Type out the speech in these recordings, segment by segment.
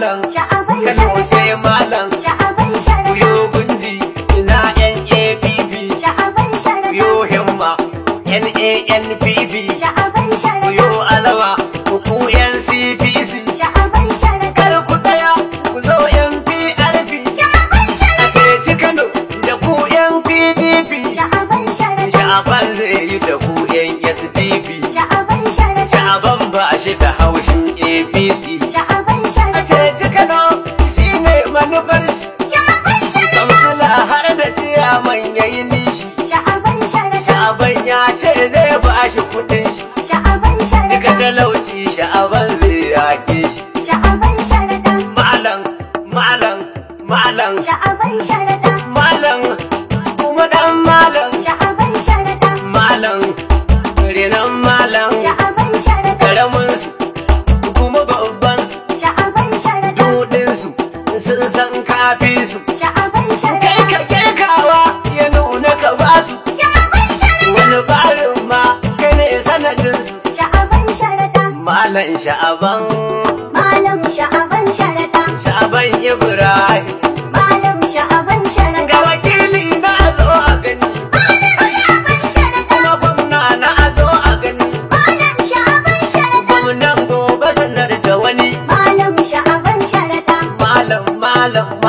malam Kano sai malam Yo gunji ina NAPP Yo himma NANPP malam sha'aban sharada malam kuma dan malam sha'aban sharada malam renan malam sha'aban sharada karamin su kuma babban su sha'aban sharada dudin su sun san kafi su sha'aban sharada kai ka kirkawa ya nuna ka ba su sha'aban sharada wani barin ma kai ne sanadin su sha'aban sharada malam sha'aban malam sha'aban sharada sha'aban ibrahim malo.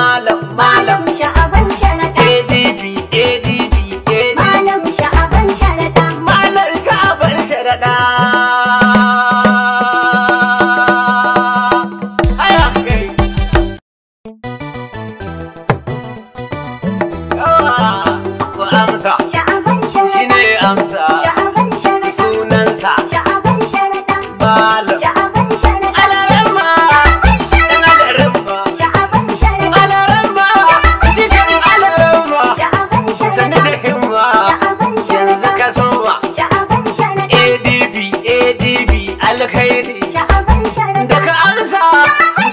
daga arsa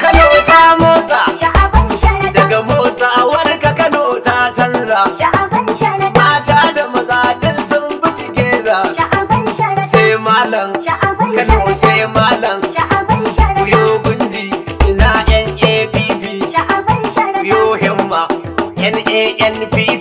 kano ta motsa daga motsawar ka kano ta canza mata da maza duk sun fi geza sai malam kano sai malam kuyo gunji ina yan app himma yan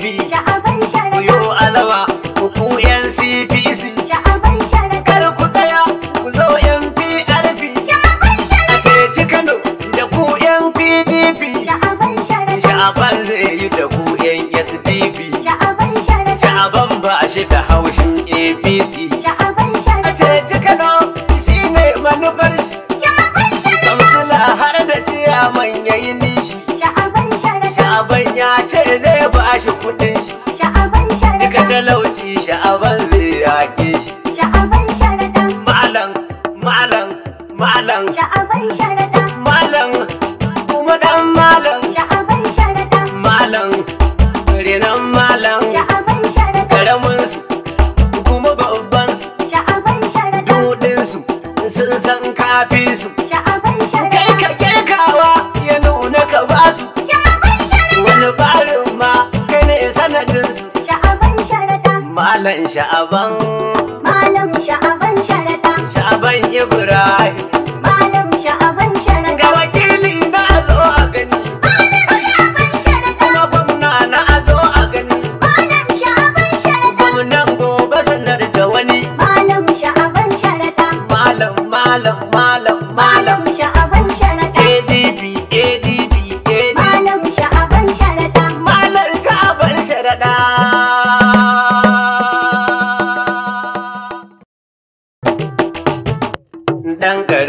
ciyaman ya nishi sha'aban ya ce zai ba shi kudin shi duka talauci sha'aban zai yake shi malam malam malam sha'aban sha'aban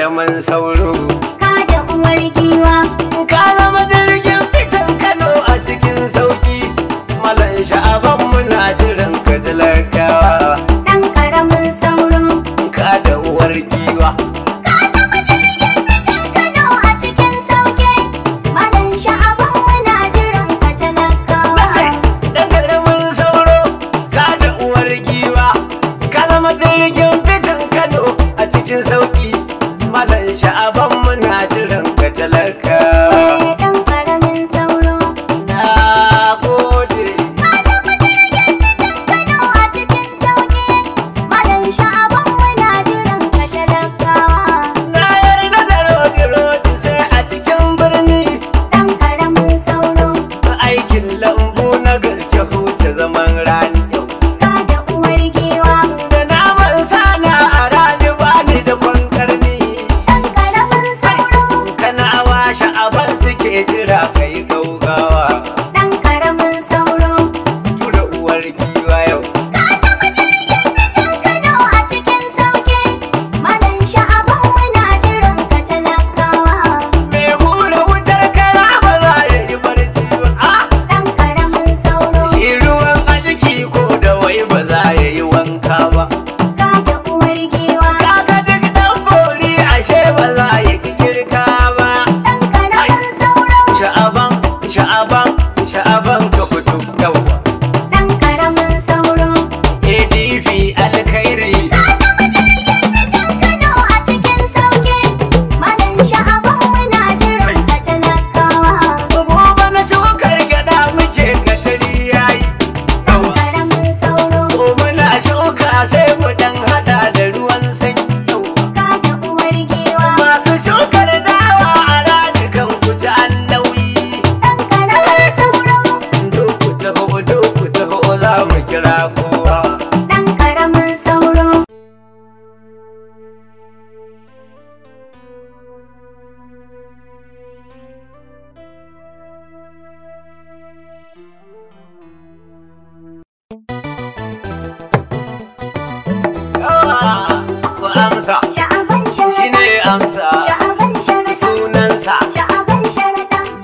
zaman sauro ake jira kai gaugawa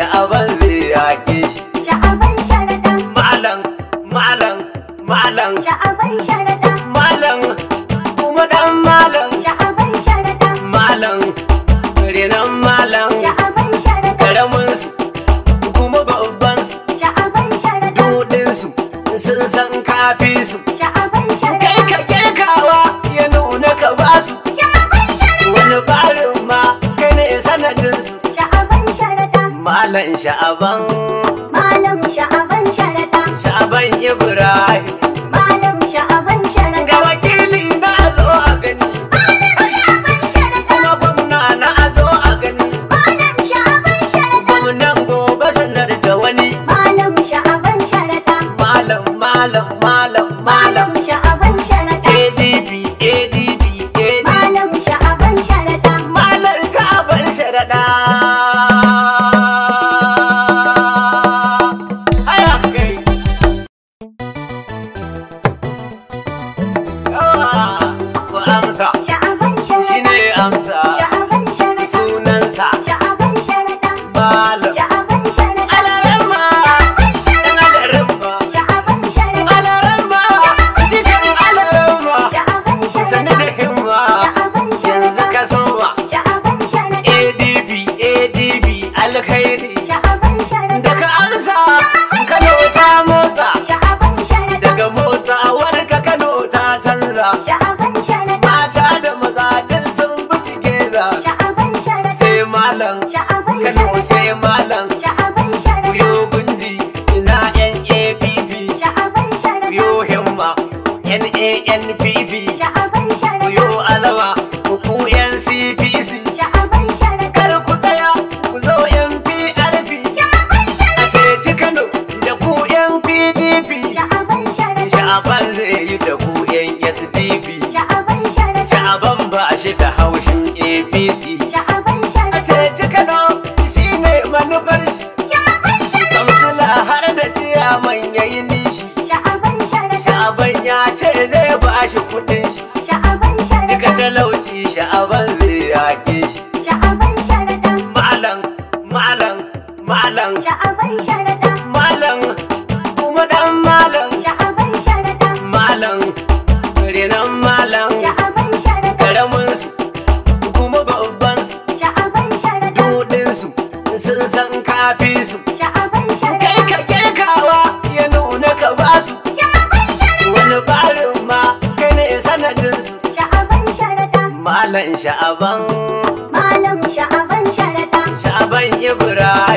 sha'aban zai yake shi. Sha'aban sharaɗan. Malam, malam, malam. Sha'aban sharaɗan. Malam, kuma ɗan malam. Sha'aban sharaɗan. Malam, renan malam. Sha'aban sharaɗan. Karamin su, kuma babban su. Sha'aban sharaɗan. Dudin su, sun san kafi su. Sha'aban sharaɗan. Malam Sha'aban. Malam Sha'aban. alkhairi daga ka kano ta motsa daga motsawar ka kano ta canza mata da maza din sun fi tigeza sai malam kano sai malam yo gunji ina yan app yo himma yan yo alawa renan malam sha'aban karamin su kuma babban su sha'aban dudin sun san kafi su sha'aban ya nuna ka ba su sha'aban wani barin ma kai ne malam sha'aban sha'aban ibra